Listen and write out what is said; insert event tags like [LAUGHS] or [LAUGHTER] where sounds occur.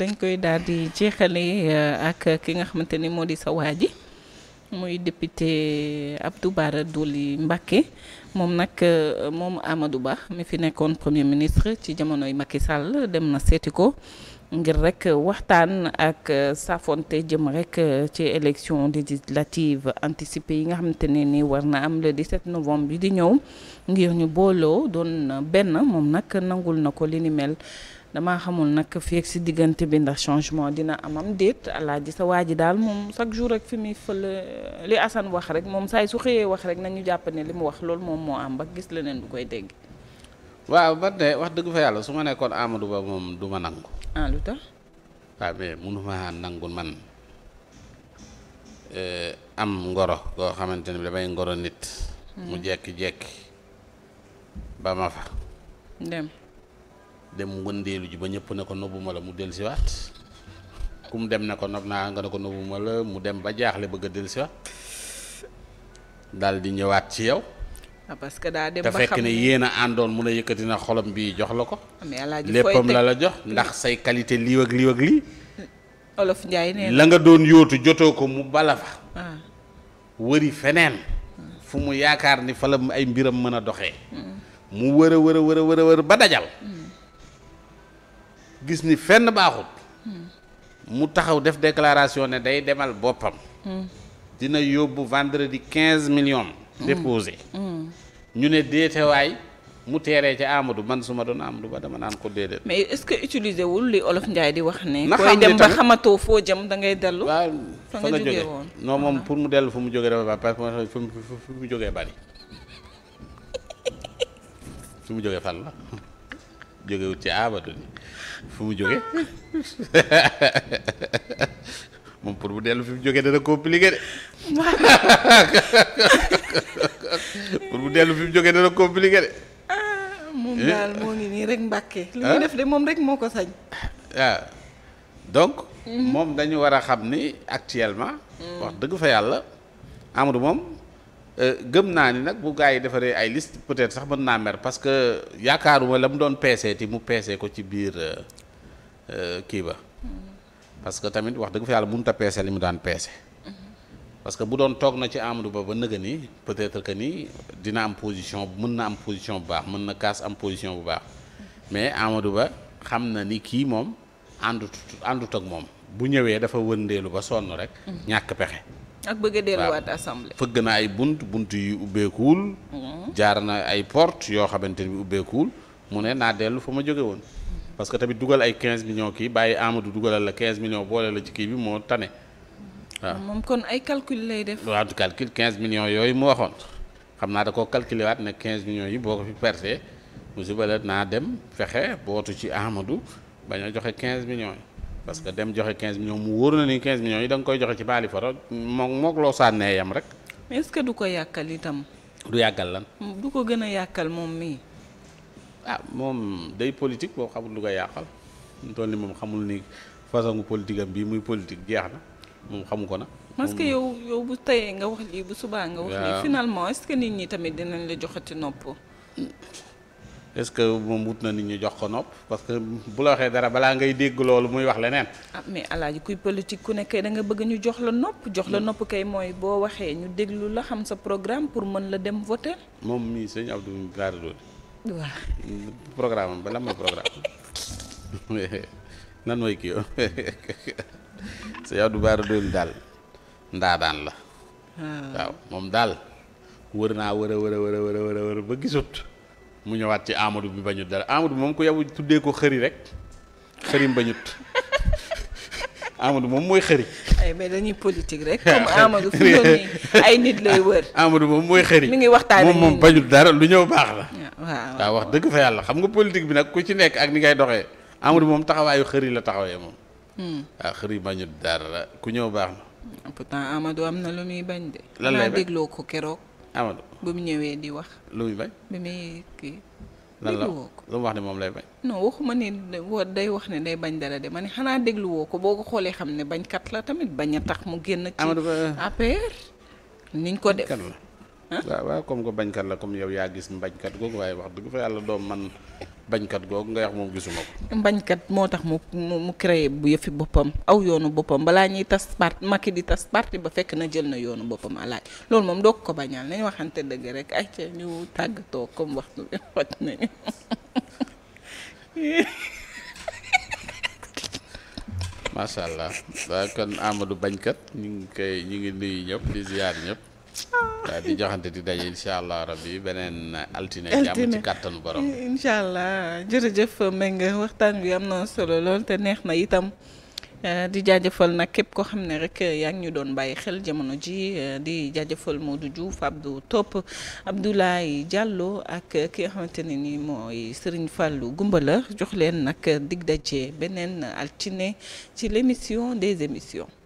dañ koy daal di jeexale euh, ak ki nga xamante ni moo di sa waa ji muy député Abdou Bara Dolly Mbacké moom nag euh, moom Amadou Ba mi fi nekkoon premier ministre ci jamonoy Macky sàll dem na seeti ko ngir rek waxtaan ak euh, safonte jëm rek ci élection législative anticipée yi nga xamante ne ni war na am di 17 novembre bi di ñëw ngir ñu booloo doon benn moom nag nangul na ko li ni mel. damaa xamul nag fii si diggante bi ndax changement dina amam déet ji sa waa ji daal moom chaque jour rek fi muy fël li Assane wax rek moom saay su xëyee wax rek nañu jàpp ne li mu wax loolu moom moo am ba gis leneen du koy dégg. waaw ba de wax dëgg fa yàlla su ma nekkoon amadu Ba moom du ma nangu. ah lu tax. waaw ah, mais munu ma nangu man eh, am ngoro goo xamante ni damay ngoro nit. mu hmm. jekki jekki ba ma fa. dem wëndeelu ji ba ñëpp ne ko nobbuma la mu dellu siwaat ku mu dem na ko nob naa nga ne ko nobbuma la mu dem ba jaaxle bëgg a dellu siwaat daal di ñëwaat ci yow. Ah, parce que daa dem ba xam fekk ne yéen a àndoon mun a yëkkati na xolam bii jox la ko. Ah, léppam la la jox ndax say qualité lii ak lii ak lii. olof Ndiaye la nga doon yootu jotoo ko mu bala fa. Ah. wëri feneen. fu mu yaakaar ni fa la ay mbiram mën a doxee. Mm. mu wër a wër a wër a wër ba dajal. Mm. gis ni fenn baaxut mu taxaw def déclaration ne day demal boppam dina yóbbu vendredi quinze million déposé ñu ne waay mu teeree ca Amadou man su ma doon Amadou ba dama naan ko déedéet. mais est-ce que utiliser wul li olof Ndiaye di wax ne. na koy dem ba xamatoo foo jëm da ngay dellu. waaw fa nga jógee woon non moom pour mu dellu fu mu jóge dafa baax parce que mu jógee bari [LAUGHS] fu mu jógee fan la. jógewul ci Amadou Ly fu mu jóge [LAUGHS] moom pour mu dellu fi mu jógee dana koo de [LAUGHS] mu dellu fi mu dana compliqué de ah, moom eh? daal moo ngi nii rek mbàkke li ñu ah? def de moom rek moo ko sañ waaw ah. donc mhm. moom dañu war a xam ni actuellement mhm. wax dëgg fa yàlla Amadou moom Euh, gëm naa ni nag bu gars yi defaree ay liste peut-être sax mën naa mer parce que yaakaaruma la mu doon peesee ti mu peesee ko ci biir euh, euh, kii ba parce que tamit wax dëgg fa yàlla mënut a peese li mu daan peese parce que bu doon toog na ci Amadou Ba ba nëga ni peut-être que ni dina am position mën na am position bu baax mën na kaas am position bu baax mais Amadou Ba xam na ni kii moom àndut àndut ak moom bu ñëwee dafa wëndeelu ba sonn rek ñàkk pexe ak bëgg a delluwaat assemblée. fëgg na ay bunt bunt yu ubbeekuwul. Mhm. jaar na ay porte yoo xamante ni ubbeekul mu ne naa dellu fa ma jóge woon. parce que tamit dugal ay quinze millions kii bàyyi Amadou dugalal la 15 millions boole la ci kii bi moo tane. waaw moom kon ay calcul lay def. waaw du calcul quinze millions yooyu mu waxoon xam naa da koo calculé waat ne quinze millions yi boo ko fi perte mu subale naa dem fexe bootu ci Amadou bañ joxe quinze millions parce que dem joxe quinze millions mu wóor na ni 15 millions yi da koy joxe ci baali faro moom mook loo sànnee yam rek. mais ce que du ko yàkkal itam. du yàggal lan. du ko gën a yàkkal moom mii. ah moom day politique boo xamul lu koy yàqal mu toll ni moom xamul ni façon politique am bii muy politique jeex na moom xamu ko na. parce que yow yow bu tayee nga wax lii bu subaa nga. wax lii finalement est-ce que nit ñi tamit dinañ la joxati nopp. est-ce que moom wut na nit ñu jox ko nopp parce que bu la waxee dara balaa ngay dégg loolu muy wax leneen. ah mais alaaji kuy politique ku ne kay bëgg ñu jox la nopp jox la nopp kay mooy boo waxee ñu déglu la xam sa programme pour mën la dem voter. moom mii sëñ Abdou Bara Dolly. waaw programme am ba mooy programme nan mooy kii yow daal la. Ah. waaw moom daal wër naa wër a wër a wër a wër a ba gisut. mu ñëwaat ci Amadou bi bañut dara Amadou moom ku yow tuddee ko xëri rek xërim bañut [LAUGHS] Amadou moom mooy xëri. ay eh, mais dañuy politique rek. comme [LAUGHS] Amadou moom mooy xëri. mi ngi waxtaan moom moom dara lu ñëw baax la. waaw wax dëgg fa yàlla xam nga politique bi nag ku ci nekk ak ni ngay doxee. Amadou moom taxawaayu xëri la taxawee moom. Hmm. waaw xëri bañut la ku ñëw baax na. pourtant Amadou am na lu muy bañ de. lan dégloo ko keroog. Amadou. ba mu ñëwee di wax. lu muy bañ. bi muy kii. lan la lu mu wax ne moom lay bañ. non waxuma ni day wax ne day bañ dara de ma ne xanaa dégluwoo ko boo ko xoolee xam ne bañkat la tamit bañ a tax mu génn. ci euh. APR niñ ko def kan la. waaw waaw comme que bañkat la comme yow yaa gis mbañkat googu waaye wax dëgg fa yàlla doom man bañkat googu nga wax moom gisuma ko. mbañkat moo tax mu mu mu créé bu yëfi boppam aw yoonu boppam balaa ñuy tas parti Macky di tas parti ba fekk na jël na yoonu boppam alaaj loolu moom doo ko bañal nañu waxante dëgg rek ay ca ñu tàggatoo comme waxtu bi xoj nañu. macha allah kon Amadou bañkat ñu ngi koy ñu ngi nuyu ñëpp di ziar di joxante di daje incha allah rabbi beneen altine. altine jàmm ci kàttanu borom. incha allah jërëjëf Mbengue waxtaan bi am na solo lool te neex na itam. Eh, di jaajëfal nag képp koo xam ne rek yaa ngi ñu doon bàyyi xel jamono ji eh, di jaajëfal Modou Diouf Abdou Top Abdoulaye jàlloo ak ki nga xamante ne ni mooy Serigne Fallou Goumbala jox leen nag dig daje beneen altine ci l' émission des émissions.